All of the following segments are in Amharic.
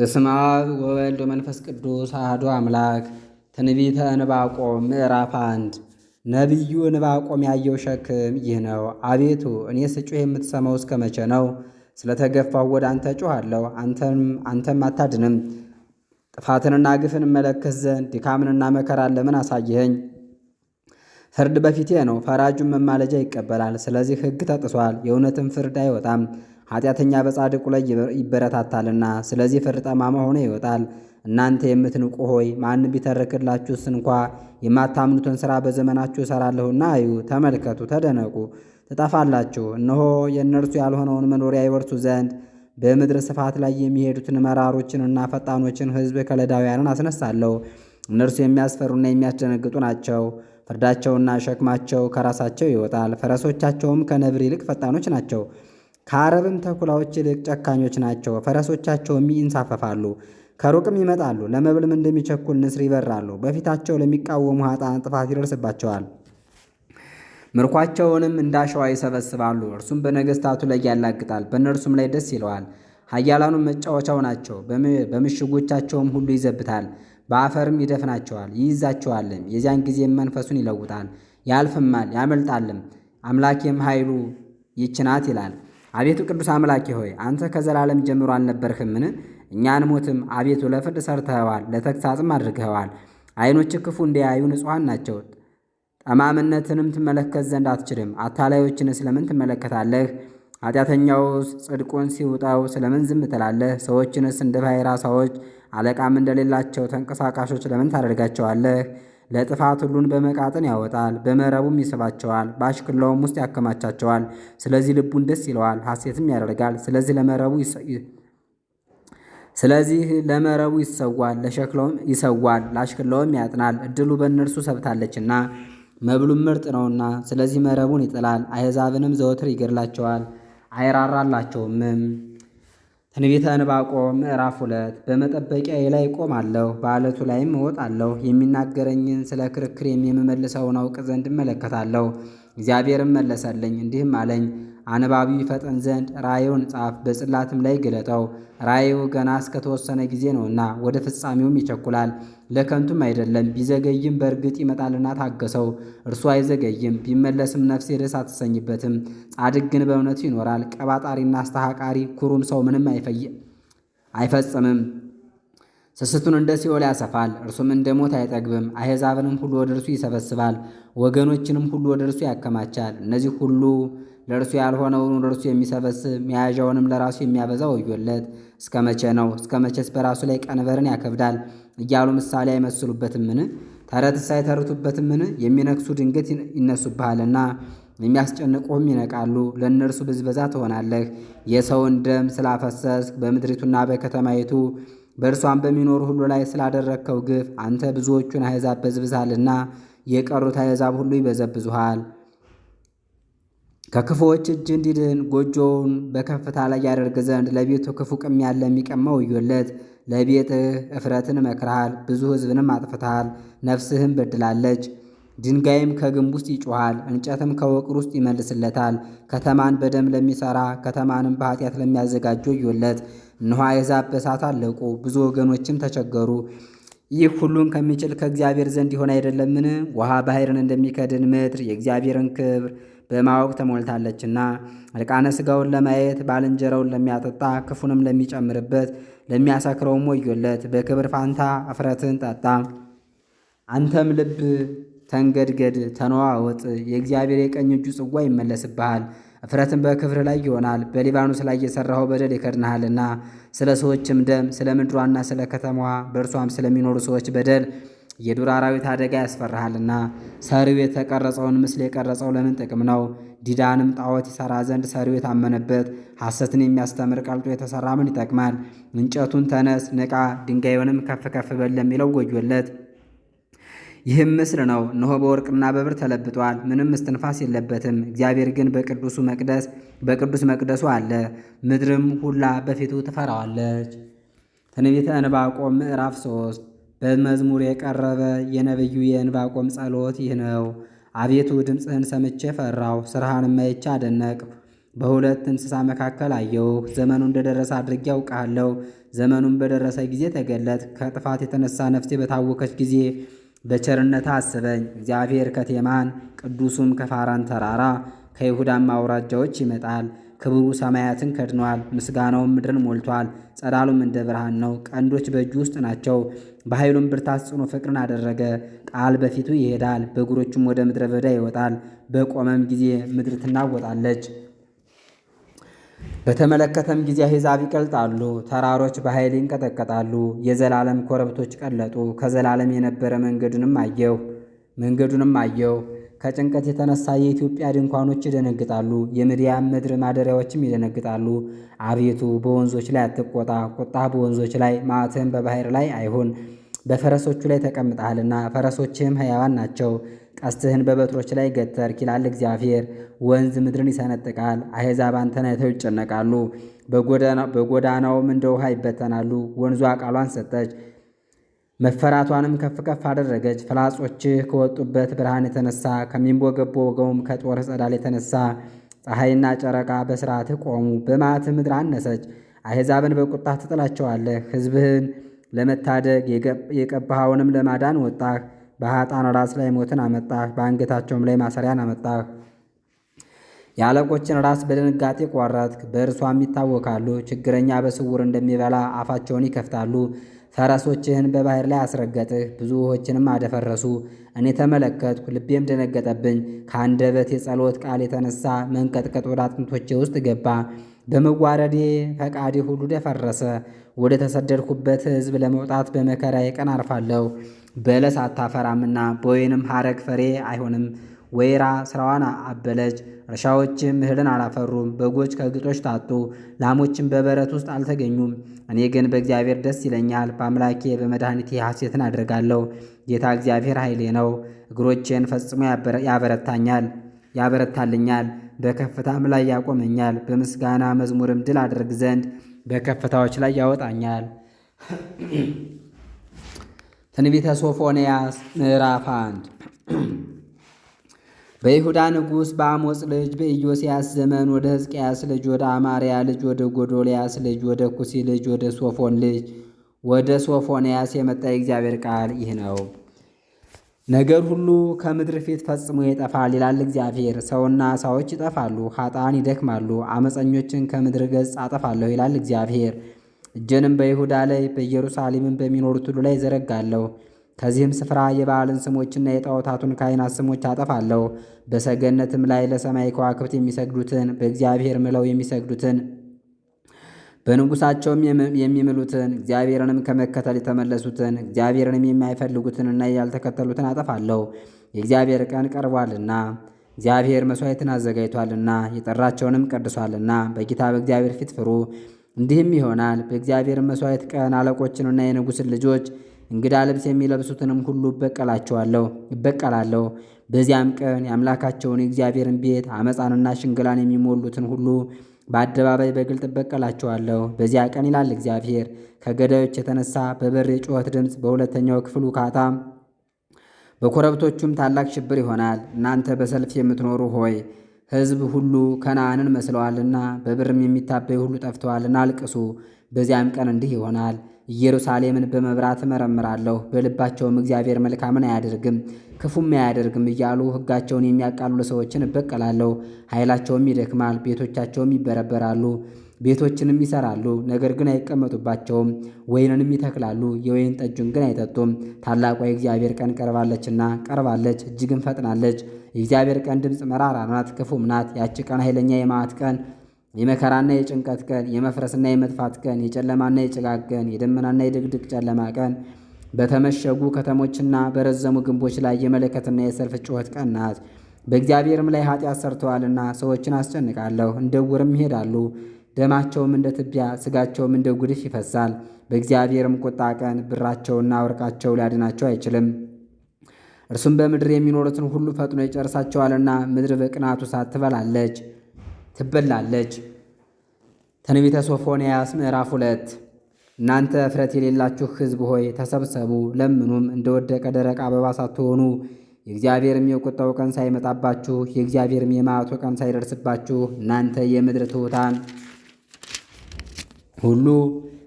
በስመ አብ ወወልድ ወመንፈስ ቅዱስ አህዶ አምላክ። ትንቢተ ዕንባቆም ምዕራፍ አንድ ነቢዩ ዕንባቆም ያየው ሸክም ይህ ነው። አቤቱ እኔ ስጩህ የምትሰማው እስከ መቼ ነው? ስለተገፋው ወደ አንተ ጮኋለሁ፣ አንተም አታድንም። ጥፋትንና ግፍን እመለከት ዘንድ ድካምንና መከራን ለምን አሳየኸኝ? ፍርድ በፊቴ ነው፣ ፈራጁን መማለጃ ይቀበላል። ስለዚህ ሕግ ተጥሷል፣ የእውነትም ፍርድ አይወጣም። ኃጢአተኛ በጻድቁ ላይ ይበረታታልና፣ ስለዚህ ፍርድ ጠማማ ሆኖ ይወጣል። እናንተ የምትንቁ ሆይ ማን ቢተርክላችሁስ እንኳ የማታምኑትን ሥራ በዘመናችሁ እሠራለሁና አዩ ተመልከቱ፣ ተደነቁ፣ ትጠፋላችሁ። እነሆ የእነርሱ ያልሆነውን መኖሪያ ይወርሱ ዘንድ በምድር ስፋት ላይ የሚሄዱትን መራሮችንና ፈጣኖችን ሕዝብ ከለዳውያንን አስነሳለሁ። እነርሱ የሚያስፈሩና የሚያስደነግጡ ናቸው። ፍርዳቸውና ሸክማቸው ከራሳቸው ይወጣል። ፈረሶቻቸውም ከነብር ይልቅ ፈጣኖች ናቸው። ከአረብም ተኩላዎች ይልቅ ጨካኞች ናቸው። ፈረሶቻቸውም ይንሳፈፋሉ፣ ከሩቅም ይመጣሉ። ለመብልም እንደሚቸኩል ንስር ይበራሉ። በፊታቸው ለሚቃወሙ ኃጣን ጥፋት ይደርስባቸዋል። ምርኳቸውንም እንዳሸዋ ይሰበስባሉ። እርሱም በነገስታቱ ላይ ያላግጣል፣ በእነርሱም ላይ ደስ ይለዋል። ኃያላኑም መጫወቻው ናቸው፣ በምሽጎቻቸውም ሁሉ ይዘብታል፣ በአፈርም ይደፍናቸዋል፣ ይይዛቸዋልም። የዚያን ጊዜም መንፈሱን ይለውጣል፣ ያልፍማል፣ ያመልጣልም። አምላኬም ኃይሉ ይችናት ይላል። አቤቱ ቅዱስ አምላኬ ሆይ አንተ ከዘላለም ጀምሮ አልነበርህምን? እኛ ሞትም አቤቱ ለፍርድ ሰርተኸዋል፣ ለተግሳጽም አድርገኸዋል። ዓይኖች ክፉ እንዲያዩ ንጹሐን ናቸው፣ ጠማምነትንም ትመለከት ዘንድ አትችልም። አታላዮችን ስለምን ትመለከታለህ? ኃጢአተኛውስ ጽድቁን ሲውጠው ስለምን ዝም ትላለህ? ሰዎችንስ እንደ ባሕር ዓሣዎች አለቃም እንደሌላቸው ተንቀሳቃሾች ለምን ታደርጋቸዋለህ? ለጥፋት ሁሉን በመቃጥን ያወጣል፣ በመረቡም ይስባቸዋል፣ በአሽክላውም ውስጥ ያከማቻቸዋል። ስለዚህ ልቡን ደስ ይለዋል፣ ሐሴትም ያደርጋል። ስለዚህ ለመረቡ ስለዚህ ለመረቡ ይሰዋል፣ ለሸክላውም ይሰዋል፣ ለአሽክላውም ያጥናል። እድሉ በእነርሱ ሰብታለችና መብሉም ምርጥ ነውና፣ ስለዚህ መረቡን ይጥላል፣ አሕዛብንም ዘወትር ይገድላቸዋል፣ አይራራላቸውምም። ትንቢተ ዕንባቆም ምዕራፍ ሁለት በመጠበቂያዬ ላይ እቆማለሁ፣ በዓለቱ ላይም እወጣለሁ። የሚናገረኝን ስለ ክርክሬም የምመልሰውን አውቅ ዘንድ እመለከታለሁ። እግዚአብሔርም መለሰልኝ እንዲህም አለኝ አንባቢ ፈጠን ዘንድ ራእዩን ጻፍ፣ በጽላትም ላይ ግለጠው። ራእዩ ገና እስከተወሰነ ጊዜ ነውና ወደ ፍጻሜውም ይቸኩላል፣ ለከንቱም አይደለም። ቢዘገይም በእርግጥ ይመጣልና ታገሰው፣ እርሱ አይዘገይም። ቢመለስም ነፍሴ ደስ አትሰኝበትም። ጻድቅ ግን በእውነቱ ይኖራል። ቀባጣሪና አስተሃቃሪ ኩሩም ሰው ምንም አይፈጽምም። ስስቱን እንደ ሲኦል ያሰፋል፣ እርሱም እንደ ሞት አይጠግብም። አሕዛብንም ሁሉ ወደ እርሱ ይሰበስባል፣ ወገኖችንም ሁሉ ወደ እርሱ ያከማቻል። እነዚህ ሁሉ ለእርሱ ያልሆነውን እርሱ የሚሰበስብ መያዣውንም ለራሱ የሚያበዛ ወዮለት። እስከ መቼ ነው? እስከ መቼስ በራሱ ላይ ቀንበርን ያከብዳል እያሉ ምሳሌ አይመስሉበትምን? ተረትስ አይተርቱበትምን? የሚነክሱ ድንገት ይነሱብሃልና የሚያስጨንቁህም ይነቃሉ። ለእነርሱ ብዝበዛ ትሆናለህ። የሰውን ደም ስላፈሰስክ በምድሪቱና በከተማይቱ በእርሷን በሚኖሩ ሁሉ ላይ ስላደረግከው ግፍ አንተ ብዙዎቹን አሕዛብ በዝብዛልና የቀሩት አሕዛብ ሁሉ ይበዘብዙሃል። ከክፉዎች እጅ እንዲድን ጎጆውን በከፍታ ላይ ያደርግ ዘንድ ለቤቱ ክፉ ቅሚያን ለሚቀማው ወዮለት። ለቤትህ እፍረትን እመክርሃል፣ ብዙ ሕዝብንም አጥፍተሃል፣ ነፍስህም በድላለች። ድንጋይም ከግንብ ውስጥ ይጮኋል፣ እንጨትም ከወቅር ውስጥ ይመልስለታል። ከተማን በደም ለሚሠራ ከተማንም በኃጢአት ለሚያዘጋጅ ወዮለት። እንሆ አሕዛብ በእሳት አለቁ፣ ብዙ ወገኖችም ተቸገሩ። ይህ ሁሉን ከሚችል ከእግዚአብሔር ዘንድ ይሆን አይደለምን? ውሃ ባሕርን እንደሚከድን ምድር የእግዚአብሔርን ክብር በማወቅ ተሞልታለችና እርቃነ ሥጋውን ለማየት ባልንጀራውን ለሚያጠጣ ክፉንም ለሚጨምርበት ለሚያሳክረውም ወዮለት። በክብር ፋንታ እፍረትን ጠጣ። አንተም ልብ ተንገድገድ፣ ተነዋወጥ። የእግዚአብሔር የቀኝ እጁ ጽዋ ይመለስብሃል። እፍረትን በክብር ላይ ይሆናል። በሊባኖስ ላይ የሠራኸው በደል ይከድንሃልና ስለ ሰዎችም ደም፣ ስለ ምድሯና ስለ ከተማዋ በእርሷም ስለሚኖሩ ሰዎች በደል የዱር አራዊት አደጋ ያስፈራሃልና። ሰሪው የተቀረጸውን ምስል የቀረጸው ለምን ጥቅም ነው? ዲዳንም ጣዖት ይሰራ ዘንድ ሰሪው የታመነበት ሐሰትን የሚያስተምር ቀልጦ የተሰራ ምን ይጠቅማል? እንጨቱን ተነስ፣ ንቃ፣ ድንጋዩንም ከፍ ከፍ በል ለሚለው ጎጆለት። ይህም ምስል ነው። እነሆ በወርቅና በብር ተለብጧል፣ ምንም እስትንፋስ የለበትም። እግዚአብሔር ግን በቅዱሱ መቅደስ በቅዱስ መቅደሱ አለ፣ ምድርም ሁላ በፊቱ ትፈራዋለች። ትንቢተ ዕንባቆም ምዕራፍ 3 በመዝሙር የቀረበ የነቢዩ የእንባቆም ጸሎት ይህ ነው። አቤቱ ድምፅህን ሰምቼ ፈራሁ፣ ስራህንም አይቼ አደነቅሁ። በሁለት እንስሳ መካከል አየሁ። ዘመኑ እንደደረሰ አድርጌ አውቃለሁ። ዘመኑን በደረሰ ጊዜ ተገለጥ። ከጥፋት የተነሳ ነፍሴ በታወከች ጊዜ በቸርነት አስበኝ። እግዚአብሔር ከቴማን ቅዱሱም ከፋራን ተራራ ከይሁዳም አውራጃዎች ይመጣል። ክብሩ ሰማያትን ከድኗል፣ ምስጋናውም ምድርን ሞልቷል። ጸዳሉም እንደ ብርሃን ነው፣ ቀንዶች በእጁ ውስጥ ናቸው። በኃይሉም ብርታት ጽኑ ፍቅርን አደረገ። ቃል በፊቱ ይሄዳል፣ በእግሮቹም ወደ ምድረ በዳ ይወጣል። በቆመም ጊዜ ምድር ትናወጣለች። በተመለከተም ጊዜ አሕዛብ ይቀልጣሉ፣ ተራሮች በኃይል ይንቀጠቀጣሉ። የዘላለም ኮረብቶች ቀለጡ። ከዘላለም የነበረ መንገዱንም አየሁ መንገዱንም አየሁ ከጭንቀት የተነሳ የኢትዮጵያ ድንኳኖች ይደነግጣሉ፣ የምድያም ምድር ማደሪያዎችም ይደነግጣሉ። አቤቱ በወንዞች ላይ አትቆጣ፣ ቁጣ በወንዞች ላይ መዓትህም በባህር ላይ አይሁን። በፈረሶቹ ላይ ተቀምጠሃልና ፈረሶችህም ሕያዋን ናቸው። ቀስትህን በበትሮች ላይ ገተር ይላል እግዚአብሔር። ወንዝ ምድርን ይሰነጥቃል፣ አሕዛብ አንተን አይተው ይጨነቃሉ፣ በጎዳናውም እንደ ውሃ ይበተናሉ። ወንዙ አቃሏን ሰጠች፣ መፈራቷንም ከፍ ከፍ አደረገች። ፍላጾችህ ከወጡበት ብርሃን የተነሳ ከሚንቦገቦገውም ከጦር ጸዳል የተነሳ ፀሐይና ጨረቃ በስርዓትህ ቆሙ። በማት ምድር አነሰች። አሕዛብን በቁጣ ትጥላቸዋለህ። ሕዝብህን ለመታደግ የቀባሃውንም ለማዳን ወጣህ። በሀጣን ራስ ላይ ሞትን አመጣህ፣ በአንገታቸውም ላይ ማሰሪያን አመጣህ። የአለቆችን ራስ በድንጋጤ ቆረጥክ፣ በእርሷም ይታወካሉ። ችግረኛ በስውር እንደሚበላ አፋቸውን ይከፍታሉ። ፈረሶችህን በባህር ላይ አስረገጥህ፣ ብዙ ውሆችንም አደፈረሱ። እኔ ተመለከትኩ፣ ልቤም ደነገጠብኝ። ከአንደበት የጸሎት ቃል የተነሳ መንቀጥቀጥ ወደ አጥንቶቼ ውስጥ ገባ። በመዋረዴ ፈቃዴ ሁሉ ደፈረሰ። ወደ ተሰደድኩበት ሕዝብ ለመውጣት በመከራ የቀን አርፋለሁ። በለስ አታፈራምና በወይንም ሐረግ ፍሬ አይሆንም። ወይራ ስራዋን አበለች። እርሻዎችም እህልን አላፈሩም። በጎች ከግጦች ታጡ፣ ላሞችም በበረት ውስጥ አልተገኙም። እኔ ግን በእግዚአብሔር ደስ ይለኛል፣ በአምላኬ በመድኃኒቴ ሐሴትን አድርጋለሁ። ጌታ እግዚአብሔር ኃይሌ ነው፣ እግሮቼን ፈጽሞ ያበረታኛል ያበረታልኛል፣ በከፍታም ላይ ያቆመኛል። በምስጋና መዝሙርም ድል አድርግ ዘንድ በከፍታዎች ላይ ያወጣኛል። ትንቢተ ሶፎንያስ ምዕራፍ አንድ በይሁዳ ንጉሥ በአሞጽ ልጅ በኢዮስያስ ዘመን ወደ ሕዝቅያስ ልጅ ወደ አማርያ ልጅ ወደ ጎዶልያስ ልጅ ወደ ኩሲ ልጅ ወደ ሶፎን ልጅ ወደ ሶፎንያስ የመጣ የእግዚአብሔር ቃል ይህ ነው። ነገር ሁሉ ከምድር ፊት ፈጽሞ ይጠፋል ይላል እግዚአብሔር። ሰውና ሰዎች ይጠፋሉ፣ ኃጣን ይደክማሉ፣ አመፀኞችን ከምድር ገጽ አጠፋለሁ ይላል እግዚአብሔር። እጄንም በይሁዳ ላይ በኢየሩሳሌምም በሚኖሩት ሁሉ ላይ ዘረጋለሁ ከዚህም ስፍራ የበዓልን ስሞችና የጣዖታቱን ካህናት ስሞች አጠፋለሁ። በሰገነትም ላይ ለሰማይ ከዋክብት የሚሰግዱትን በእግዚአብሔር ምለው የሚሰግዱትን በንጉሳቸውም የሚምሉትን እግዚአብሔርንም ከመከተል የተመለሱትን እግዚአብሔርንም የማይፈልጉትንና ያልተከተሉትን አጠፋለሁ። የእግዚአብሔር ቀን ቀርቧልና እግዚአብሔር መሥዋዕትን አዘጋጅቷልና የጠራቸውንም ቀድሷልና በጌታ በእግዚአብሔር ፊት ፍሩ። እንዲህም ይሆናል በእግዚአብሔር መሥዋዕት ቀን አለቆችንና የንጉሥን ልጆች እንግዳ ልብስ የሚለብሱትንም ሁሉ እበቀላቸዋለሁ እበቀላለሁ። በዚያም ቀን የአምላካቸውን የእግዚአብሔርን ቤት አመፃንና ሽንግላን የሚሞሉትን ሁሉ በአደባባይ በግልጥ እበቀላቸዋለሁ። በዚያ ቀን ይላል እግዚአብሔር፣ ከገዳዮች የተነሳ በበር የጩኸት ድምፅ፣ በሁለተኛው ክፍል ውካታ፣ በኮረብቶቹም ታላቅ ሽብር ይሆናል። እናንተ በሰልፍ የምትኖሩ ሆይ ሕዝብ ሁሉ ከነዓንን መስለዋልና በብርም የሚታበዩ ሁሉ ጠፍተዋልና አልቅሱ። በዚያም ቀን እንዲህ ይሆናል ኢየሩሳሌምን በመብራት እመረምራለሁ፣ በልባቸውም እግዚአብሔር መልካምን አያደርግም ክፉም አያደርግም እያሉ ሕጋቸውን የሚያቃሉ ሰዎችን እበቀላለሁ። ኃይላቸውም ይደክማል፣ ቤቶቻቸውም ይበረበራሉ። ቤቶችንም ይሰራሉ፣ ነገር ግን አይቀመጡባቸውም። ወይንንም ይተክላሉ፣ የወይን ጠጁን ግን አይጠጡም። ታላቋ የእግዚአብሔር ቀን ቀርባለችና ቀርባለች፣ እጅግም ፈጥናለች። የእግዚአብሔር ቀን ድምፅ መራራ ናት፣ ክፉም ናት። ያቺ ቀን ኃይለኛ የመዓት ቀን የመከራና የጭንቀት ቀን፣ የመፍረስና የመጥፋት ቀን፣ የጨለማና የጭጋግ ቀን፣ የደመናና የድቅድቅ ጨለማ ቀን፣ በተመሸጉ ከተሞችና በረዘሙ ግንቦች ላይ የመለከትና የሰልፍ ጩኸት ቀን ናት። በእግዚአብሔርም ላይ ኃጢአት ሰርተዋልና ሰዎችን አስጨንቃለሁ፣ እንደ ዕውርም ይሄዳሉ። ደማቸውም እንደ ትቢያ ስጋቸውም እንደ ጉድፍ ይፈሳል። በእግዚአብሔርም ቁጣ ቀን ብራቸውና ወርቃቸው ሊያድናቸው አይችልም። እርሱም በምድር የሚኖሩትን ሁሉ ፈጥኖ ይጨርሳቸዋልና ምድር በቅናቱ እሳት ትበላለች። ትበላለች። ትንቢተ ሶፎንያስ ምዕራፍ ሁለት እናንተ እፍረት የሌላችሁ ሕዝብ ሆይ ተሰብሰቡ፣ ለምኑም፣ እንደወደቀ ደረቅ አበባ ሳትሆኑ የእግዚአብሔርም የቁጣው ቀን ሳይመጣባችሁ የእግዚአብሔርም የማዕቶ ቀን ሳይደርስባችሁ እናንተ የምድር ትሑታን ሁሉ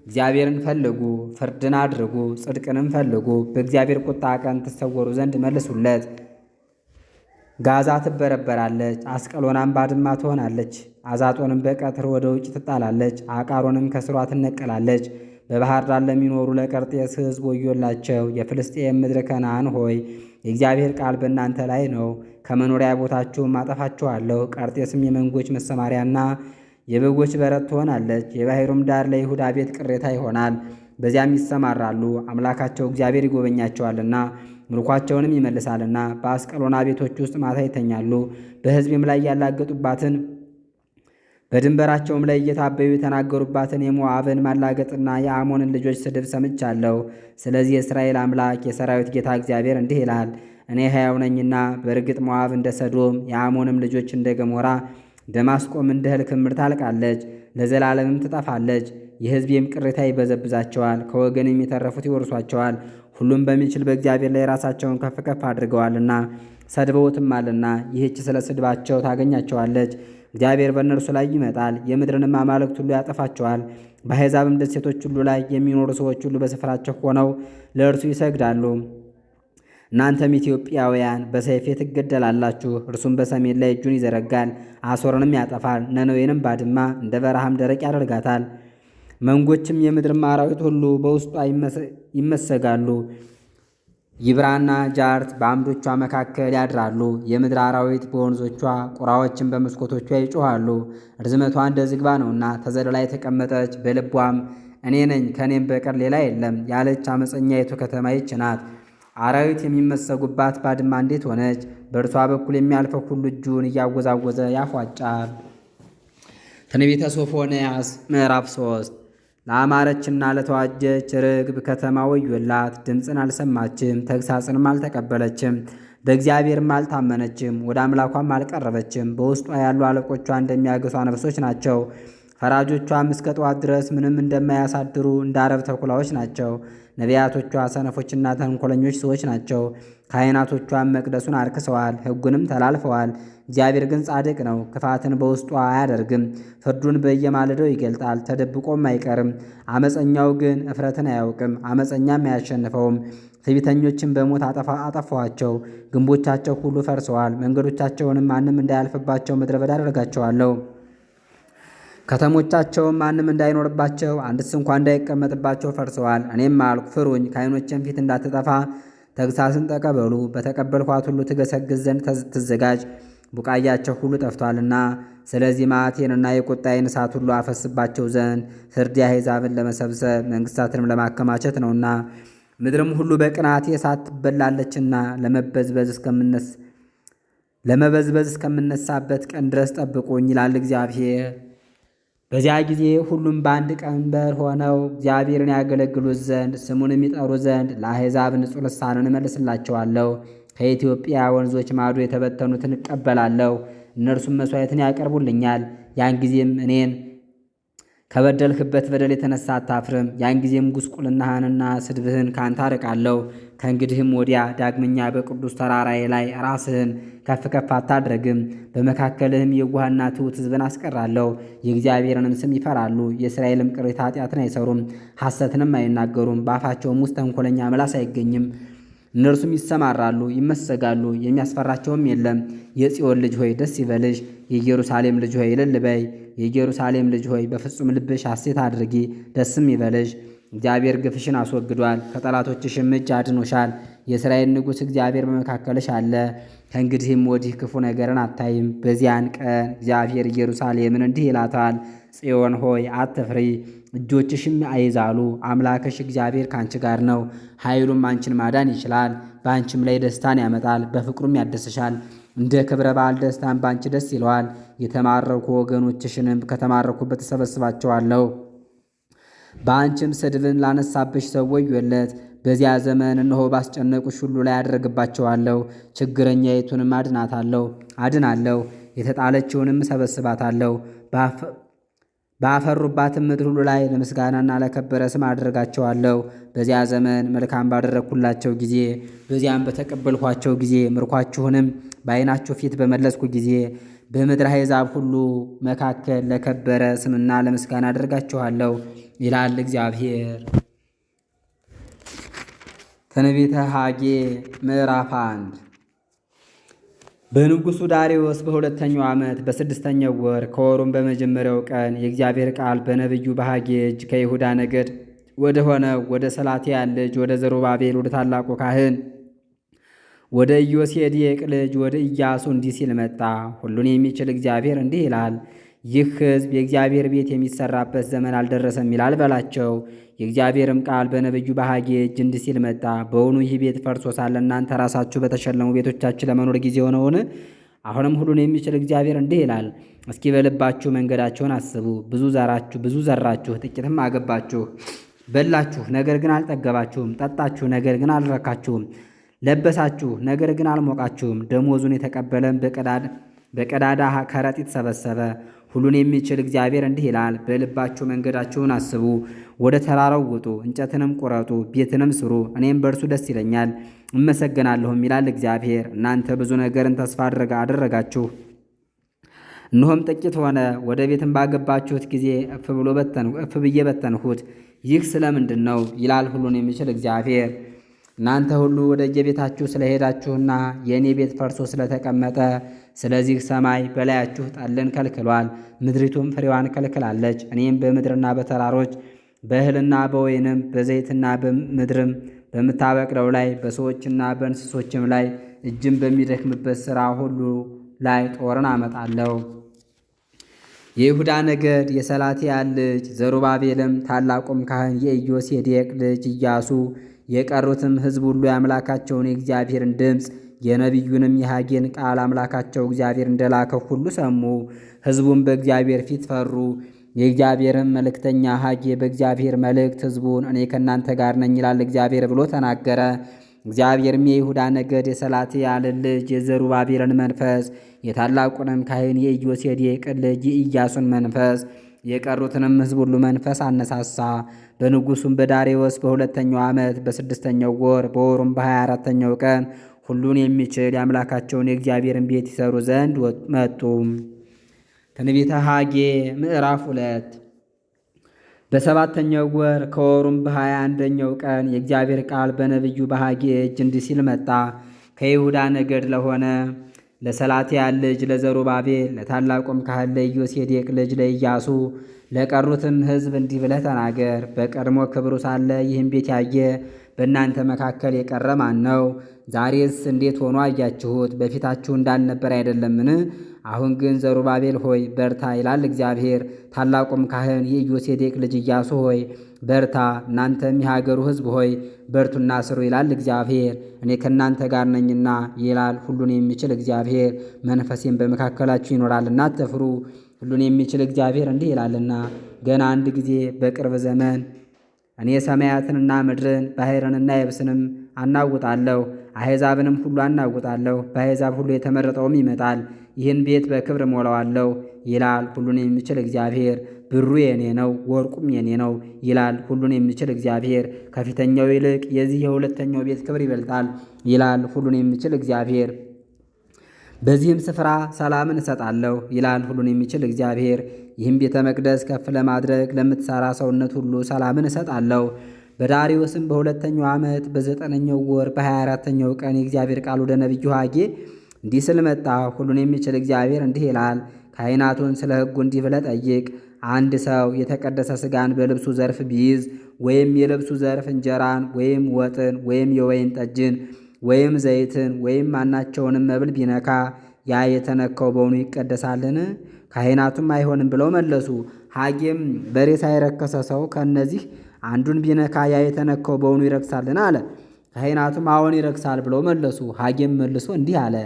እግዚአብሔርን ፈልጉ፣ ፍርድን አድርጉ፣ ጽድቅንም ፈልጉ፣ በእግዚአብሔር ቁጣ ቀን ትሰወሩ ዘንድ መልሱለት። ጋዛ ትበረበራለች፣ አስቀሎናም ባድማ ትሆናለች። አዛጦንም በቀትር ወደ ውጭ ትጣላለች፣ አቃሮንም ከስሯ ትነቀላለች። በባህር ዳር ለሚኖሩ ለቀርጤስ ሕዝብ ወዮላቸው። የፍልስጤም ምድር ከነዓን ሆይ የእግዚአብሔር ቃል በእናንተ ላይ ነው፣ ከመኖሪያ ቦታችሁም አጠፋችኋለሁ። ቀርጤስም የመንጎች መሰማሪያና የበጎች በረት ትሆናለች። የባሕሩም ዳር ለይሁዳ ቤት ቅሬታ ይሆናል፣ በዚያም ይሰማራሉ። አምላካቸው እግዚአብሔር ይጎበኛቸዋልና ምርኳቸውንም ይመልሳልና በአስቀሎና ቤቶች ውስጥ ማታ ይተኛሉ። በሕዝብም ላይ ያላገጡባትን በድንበራቸውም ላይ እየታበዩ የተናገሩባትን የሞዓብን ማላገጥና የአሞንን ልጆች ስድብ ሰምቻለሁ። ስለዚህ የእስራኤል አምላክ የሰራዊት ጌታ እግዚአብሔር እንዲህ ይላል፣ እኔ ሕያው ነኝና በእርግጥ ሞዓብ እንደ ሰዶም፣ የአሞንም ልጆች እንደ ገሞራ፣ ደማስቆም እንደ እህል ክምር ታልቃለች፣ ለዘላለምም ትጠፋለች። የሕዝቤም ቅሬታ ይበዘብዛቸዋል፣ ከወገንም የተረፉት ይወርሷቸዋል። ሁሉም በሚችል በእግዚአብሔር ላይ ራሳቸውን ከፍ ከፍ አድርገዋልና ሰድበውትማልና ይህች ስለ ስድባቸው ታገኛቸዋለች። እግዚአብሔር በእነርሱ ላይ ይመጣል፣ የምድርንም አማልክት ሁሉ ያጠፋቸዋል። በአሕዛብም ደሴቶች ሁሉ ላይ የሚኖሩ ሰዎች ሁሉ በስፍራቸው ሆነው ለእርሱ ይሰግዳሉ። እናንተም ኢትዮጵያውያን በሰይፌ ትገደላላችሁ። እርሱም በሰሜን ላይ እጁን ይዘረጋል፣ አሦርንም ያጠፋል፣ ነነዌንም ባድማ እንደ በረሃም ደረቅ ያደርጋታል። መንጎችም የምድር አራዊት ሁሉ በውስጧ ይመሰጋሉ። ይብራና ጃርት በአምዶቿ መካከል ያድራሉ። የምድር አራዊት በወንዞቿ ቁራዎችን በመስኮቶቿ ይጮኋሉ። ርዝመቷ እንደ ዝግባ ነውና ተዘልላ የተቀመጠች በልቧም እኔ ነኝ ከእኔም በቀር ሌላ የለም ያለች አመፀኛይቱ ከተማ ይች ናት። አራዊት የሚመሰጉባት ባድማ እንዴት ሆነች! በእርሷ በኩል የሚያልፈው ሁሉ እጁን እያወዛወዘ ያፏጫል። ትንቢተ ሶፎንያስ ምዕራፍ ሶስት ለአማረችና ለተዋጀች ርግብ ከተማ ወዮላት። ድምፅን አልሰማችም፣ ተግሳጽንም አልተቀበለችም፣ በእግዚአብሔርም አልታመነችም፣ ወደ አምላኳም አልቀረበችም። በውስጧ ያሉ አለቆቿ እንደሚያገሷ ነፍሶች ናቸው። ፈራጆቿም እስከ ጠዋት ድረስ ምንም እንደማያሳድሩ እንደ አረብ ተኩላዎች ናቸው። ነቢያቶቿ ሰነፎችና ተንኮለኞች ሰዎች ናቸው። ካህናቶቿም መቅደሱን አርክሰዋል፣ ሕጉንም ተላልፈዋል። እግዚአብሔር ግን ጻድቅ ነው፣ ክፋትን በውስጡ አያደርግም። ፍርዱን በየማለደው ይገልጣል፣ ተደብቆም አይቀርም። አመፀኛው ግን እፍረትን አያውቅም፣ አመፀኛም አያሸንፈውም። ትቢተኞችን በሞት አጠፋኋቸው፣ ግንቦቻቸው ሁሉ ፈርሰዋል። መንገዶቻቸውንም ማንም እንዳያልፍባቸው ምድረ በዳ አደርጋቸዋለሁ። ከተሞቻቸውም ማንም እንዳይኖርባቸው አንድስ እንኳ እንዳይቀመጥባቸው ፈርሰዋል። እኔም አልኩ ፍሩኝ፣ ከዓይኖቼም ፊት እንዳትጠፋ ተግሳስን ተቀበሉ። በተቀበልኳት ሁሉ ትገሰግስ ዘንድ ትዘጋጅ፣ ቡቃያቸው ሁሉ ጠፍቷልና። ስለዚህ መዓቴንና የቁጣዬን እሳት ሁሉ አፈስባቸው ዘንድ ፍርድ አሕዛብን ለመሰብሰብ መንግስታትንም ለማከማቸት ነውና ምድርም ሁሉ በቅናቴ እሳት ትበላለችና ለመበዝበዝ እስከምነስ ለመበዝበዝ እስከምነሳበት ቀን ድረስ ጠብቁኝ ይላል እግዚአብሔር። በዚያ ጊዜ ሁሉም በአንድ ቀንበር ሆነው እግዚአብሔርን ያገለግሉት ዘንድ ስሙንም ይጠሩ ዘንድ ለአሕዛብ ንጹሕ ልሳንን እመልስላቸዋለሁ። ከኢትዮጵያ ወንዞች ማዶ የተበተኑትን እቀበላለሁ፣ እነርሱም መሥዋዕትን ያቀርቡልኛል። ያን ጊዜም እኔን ከበደልህበት በደል የተነሳ አታፍርም። ያን ጊዜም ጉስቁልናህንና ስድብህን ካንተ አርቃለሁ። ከእንግዲህም ወዲያ ዳግመኛ በቅዱስ ተራራዬ ላይ ራስህን ከፍ ከፍ አታድረግም። በመካከልህም የዋህና ትሑት ሕዝብን አስቀራለሁ። የእግዚአብሔርንም ስም ይፈራሉ። የእስራኤልም ቅሬታ ኃጢአትን አይሰሩም፣ ሐሰትንም አይናገሩም። በአፋቸውም ውስጥ ተንኮለኛ ምላስ አይገኝም። እነርሱም ይሰማራሉ፣ ይመሰጋሉ፣ የሚያስፈራቸውም የለም። የጽዮን ልጅ ሆይ ደስ ይበልሽ፣ የኢየሩሳሌም ልጅ ሆይ እልል በይ። የኢየሩሳሌም ልጅ ሆይ በፍጹም ልብሽ ሐሴት አድርጊ፣ ደስም ይበልሽ። እግዚአብሔር ግፍሽን አስወግዷል፣ ከጠላቶችሽም እጅ አድኖሻል። የእስራኤል ንጉሥ እግዚአብሔር በመካከልሽ አለ፣ ከእንግዲህም ወዲህ ክፉ ነገርን አታይም። በዚያን ቀን እግዚአብሔር ኢየሩሳሌምን እንዲህ ይላታል ጽዮን ሆይ አትፍሪ፣ እጆችሽም አይዛሉ። አምላክሽ እግዚአብሔር ከአንቺ ጋር ነው። ኃይሉም አንቺን ማዳን ይችላል። በአንቺም ላይ ደስታን ያመጣል፣ በፍቅሩም ያደስሻል። እንደ ክብረ በዓል ደስታን በአንቺ ደስ ይለዋል። የተማረኩ ወገኖችሽንም ከተማረኩበት ተሰበስባቸዋለሁ። በአንቺም ስድብን ላነሳብሽ ሰው ወዮለት። በዚያ ዘመን እነሆ ባስጨነቁሽ ሁሉ ላይ አደርግባቸዋለሁ። ችግረኛይቱንም አድናታለሁ አድናለሁ፣ የተጣለችውንም እሰበስባታለሁ። ባፈሩባትም ምድር ሁሉ ላይ ለምስጋናና ለከበረ ስም አድርጋቸዋለሁ። በዚያ ዘመን መልካም ባደረግኩላቸው ጊዜ በዚያም በተቀበልኳቸው ጊዜ ምርኳችሁንም በዓይናችሁ ፊት በመለስኩ ጊዜ በምድር አሕዛብ ሁሉ መካከል ለከበረ ስምና ለምስጋና አድርጋችኋለሁ ይላል እግዚአብሔር። ትንቢተ ሐጌ ምዕራፍ አንድ በንጉሡ ዳሪዎስ በሁለተኛው ዓመት በስድስተኛው ወር ከወሩም በመጀመሪያው ቀን የእግዚአብሔር ቃል በነቢዩ በሐጌ እጅ ከይሁዳ ነገድ ወደ ሆነው ወደ ሰላትያል ልጅ ወደ ዘሩባቤል ወደ ታላቁ ካህን ወደ ኢዮሴዴቅ ልጅ ወደ ኢያሱ እንዲህ ሲል መጣ። ሁሉን የሚችል እግዚአብሔር እንዲህ ይላል ይህ ሕዝብ የእግዚአብሔር ቤት የሚሰራበት ዘመን አልደረሰም ይላል በላቸው። የእግዚአብሔርም ቃል በነቢዩ በሐጌ እጅ እንዲህ ሲል መጣ። በውኑ ይህ ቤት ፈርሶ ሳለ እናንተ ራሳችሁ በተሸለሙ ቤቶቻችን ለመኖር ጊዜ ሆነውን? አሁንም ሁሉን የሚችል እግዚአብሔር እንዲህ ይላል፣ እስኪ በልባችሁ መንገዳችሁን አስቡ። ብዙ ዘራችሁ ብዙ ዘራችሁ፣ ጥቂትም አገባችሁ። በላችሁ፣ ነገር ግን አልጠገባችሁም። ጠጣችሁ፣ ነገር ግን አልረካችሁም። ለበሳችሁ፣ ነገር ግን አልሞቃችሁም። ደሞዙን የተቀበለን በቀዳዳ ከረጢት ሰበሰበ ሁሉን የሚችል እግዚአብሔር እንዲህ ይላል፣ በልባችሁ መንገዳችሁን አስቡ፣ ወደ ተራራው ውጡ፣ እንጨትንም ቁረጡ፣ ቤትንም ስሩ፣ እኔም በእርሱ ደስ ይለኛል እመሰገናለሁም ይላል እግዚአብሔር። እናንተ ብዙ ነገርን ተስፋ አደረጋችሁ፣ እነሆም ጥቂት ሆነ። ወደ ቤትም ባገባችሁት ጊዜ እፍ ብዬ በተንሁት። ይህ ስለምንድን ነው? ይላል ሁሉን የሚችል እግዚአብሔር። እናንተ ሁሉ ወደየቤታችሁ ስለሄዳችሁና የእኔ ቤት ፈርሶ ስለተቀመጠ ስለዚህ ሰማይ በላያችሁ ጣልን ከልክሏል፣ ምድሪቱም ፍሬዋን ከልክላለች። እኔም በምድርና በተራሮች በእህልና በወይንም በዘይትና በምድርም በምታበቅለው ላይ በሰዎችና በእንስሶችም ላይ እጅም በሚደክምበት ሥራ ሁሉ ላይ ጦርን አመጣለሁ። የይሁዳ ነገድ የሰላትያል ልጅ ዘሩባቤልም ታላቁም ካህን የኢዮሴዴቅ ልጅ ኢያሱ የቀሩትም ሕዝብ ሁሉ የአምላካቸውን የእግዚአብሔርን ድምፅ የነቢዩንም የሐጌን ቃል አምላካቸው እግዚአብሔር እንደላከ ሁሉ ሰሙ። ሕዝቡም በእግዚአብሔር ፊት ፈሩ። የእግዚአብሔርም መልእክተኛ ሐጌ በእግዚአብሔር መልእክት ሕዝቡን እኔ ከእናንተ ጋር ነኝ ይላል እግዚአብሔር ብሎ ተናገረ። እግዚአብሔርም የይሁዳ ነገድ የሰላትያልን ልጅ የዘሩባቤልን መንፈስ የታላቁንም ካህን የኢዮሴዴቅን ልጅ የኢያሱን መንፈስ የቀሩትንም ሕዝብ ሁሉ መንፈስ አነሳሳ። በንጉሱም በዳሬዎስ በሁለተኛው ዓመት በስድስተኛው ወር በወሩም በ24ተኛው ቀን ሁሉን የሚችል የአምላካቸውን የእግዚአብሔርን ቤት ይሰሩ ዘንድ መጡ። ትንቢተ ሐጌ ምዕራፍ ሁለት በሰባተኛው ወር ከወሩም በሀያ አንደኛው ቀን የእግዚአብሔር ቃል በነቢዩ በሐጌ እጅ እንዲህ ሲል መጣ። ከይሁዳ ነገድ ለሆነ ለሰላትያል ልጅ ለዘሩባቤል ለታላቁም ካህን ለኢዮሴዴቅ ልጅ ለኢያሱ ለቀሩትም ሕዝብ እንዲህ ብለህ ተናገር። በቀድሞ ክብሩ ሳለ ይህም ቤት ያየ በእናንተ መካከል የቀረ ማን ነው? ዛሬስ እንዴት ሆኖ አያችሁት? በፊታችሁ እንዳልነበር አይደለምን? አሁን ግን ዘሩባቤል ሆይ በርታ ይላል እግዚአብሔር። ታላቁም ካህን የኢዮሴዴቅ ልጅ ኢያሱ ሆይ በርታ፣ እናንተም የሀገሩ ሕዝብ ሆይ በርቱና ስሩ ይላል እግዚአብሔር። እኔ ከእናንተ ጋር ነኝና ይላል ሁሉን የሚችል እግዚአብሔር። መንፈሴም በመካከላችሁ ይኖራል፣ አትፍሩ። ሁሉን የሚችል እግዚአብሔር እንዲህ ይላልና ገና አንድ ጊዜ በቅርብ ዘመን እኔ ሰማያትንና ምድርን ባሕርንና የብስንም አናውጣለሁ፣ አሕዛብንም ሁሉ አናውጣለሁ። በአሕዛብ ሁሉ የተመረጠውም ይመጣል፣ ይህን ቤት በክብር ሞላዋለሁ ይላል ሁሉን የሚችል እግዚአብሔር። ብሩ የኔ ነው፣ ወርቁም የኔ ነው ይላል ሁሉን የሚችል እግዚአብሔር። ከፊተኛው ይልቅ የዚህ የሁለተኛው ቤት ክብር ይበልጣል ይላል ሁሉን የሚችል እግዚአብሔር። በዚህም ስፍራ ሰላምን እሰጣለሁ ይላል ሁሉን የሚችል እግዚአብሔር። ይህም ቤተ መቅደስ ከፍ ለማድረግ ለምትሰራ ሰውነት ሁሉ ሰላምን እሰጣለሁ። በዳሪዮስም በሁለተኛው ዓመት በዘጠነኛው ወር በ በ24ተኛው ቀን የእግዚአብሔር ቃል ወደ ነቢዩ ሐጌ እንዲህ ስል መጣ። ሁሉን የሚችል እግዚአብሔር እንዲህ ይላል፣ ካህናቱን ስለ ሕጉ እንዲህ ብለ ጠይቅ። አንድ ሰው የተቀደሰ ሥጋን በልብሱ ዘርፍ ቢይዝ ወይም የልብሱ ዘርፍ እንጀራን ወይም ወጥን ወይም የወይን ጠጅን ወይም ዘይትን ወይም ማናቸውንም መብል ቢነካ ያ የተነካው በውኑ ይቀደሳልን? ካህናቱም አይሆንም ብለው መለሱ። ሐጌም በሬሳ የረከሰ ሰው ከእነዚህ አንዱን ቢነካ ያ የተነካው በውኑ ይረክሳልን? አለ። ካህናቱም አዎን ይረክሳል ብለው መለሱ። ሐጌም መልሶ እንዲህ አለ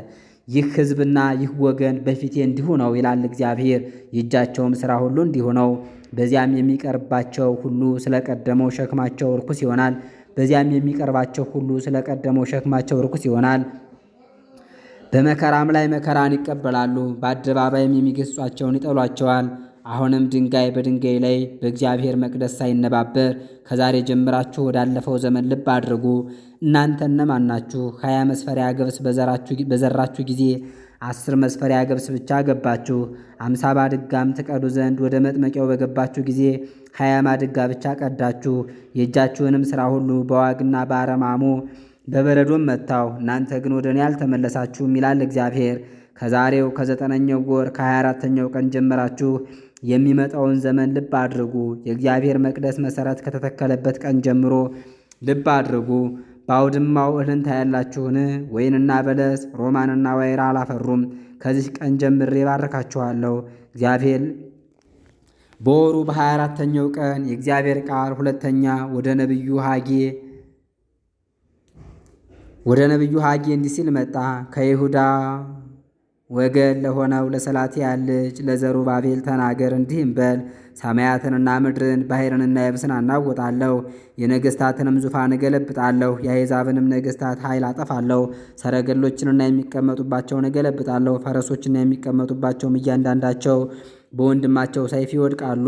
ይህ ሕዝብና ይህ ወገን በፊቴ እንዲሁ ነው ይላል እግዚአብሔር። የእጃቸውም ሥራ ሁሉ እንዲሁ ነው። በዚያም የሚቀርባቸው ሁሉ ስለቀደመው ሸክማቸው ርኩስ ይሆናል። በዚያም የሚቀርባቸው ሁሉ ስለ ቀደመው ሸክማቸው ርኩስ ይሆናል። በመከራም ላይ መከራን ይቀበላሉ። በአደባባይም የሚገጿቸውን ይጠሏቸዋል። አሁንም ድንጋይ በድንጋይ ላይ በእግዚአብሔር መቅደስ ሳይነባበር ከዛሬ ጀምራችሁ ወዳለፈው ዘመን ልብ አድርጉ። እናንተ እነማን ናችሁ? ሀያ መስፈሪያ ገብስ በዘራችሁ ጊዜ አስር መስፈሪያ ገብስ ብቻ ገባችሁ። አምሳ ማድጋም ትቀዱ ዘንድ ወደ መጥመቂያው በገባችሁ ጊዜ ሀያ ማድጋ ብቻ ቀዳችሁ። የእጃችሁንም ሥራ ሁሉ በዋግና በአረማሞ በበረዶም መታው። እናንተ ግን ወደ እኔ አልተመለሳችሁም ይላል እግዚአብሔር። ከዛሬው ከዘጠነኛው ወር ከሀያ አራተኛው ቀን ጀምራችሁ የሚመጣውን ዘመን ልብ አድርጉ። የእግዚአብሔር መቅደስ መሠረት ከተተከለበት ቀን ጀምሮ ልብ አድርጉ። በአውድማው እህልን ታያላችሁን? ወይንና በለስ ሮማንና ወይራ አላፈሩም። ከዚህ ቀን ጀምሬ ባረካችኋለሁ። እግዚአብሔር በወሩ 24 አራተኛው ቀን የእግዚአብሔር ቃል ሁለተኛ ወደ ነቢዩ ሐጌ ወደ ነቢዩ ሐጌ እንዲህ ሲል መጣ ከይሁዳ ወገን ለሆነው ለሰላትያል ልጅ ለዘሩባቤል ተናገር እንዲህም በል ሰማያትንና ምድርን ባሕርንና የብስን አናወጣለሁ። የነገሥታትንም ዙፋን እገለብጣለሁ። የአሕዛብንም ነገሥታት ኃይል አጠፋለሁ። ሰረገሎችንና የሚቀመጡባቸውን እገለብጣለሁ። ፈረሶችና የሚቀመጡባቸውም እያንዳንዳቸው በወንድማቸው ሰይፍ ይወድቃሉ።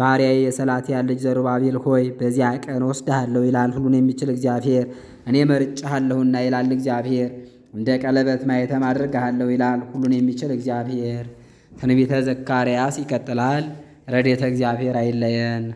ባሪያዬ የሰላትያል ልጅ ዘሩባቤል ሆይ በዚያ ቀን ወስድሃለሁ ይላል ሁሉን የሚችል እግዚአብሔር። እኔ መርጬሃለሁና ይላል እግዚአብሔር እንደ ቀለበት ማየተም አድርግሃለሁ ይላል ሁሉን የሚችል እግዚአብሔር። ትንቢተ ዘካርያስ ይቀጥላል። ረድኤተ እግዚአብሔር አይለየን።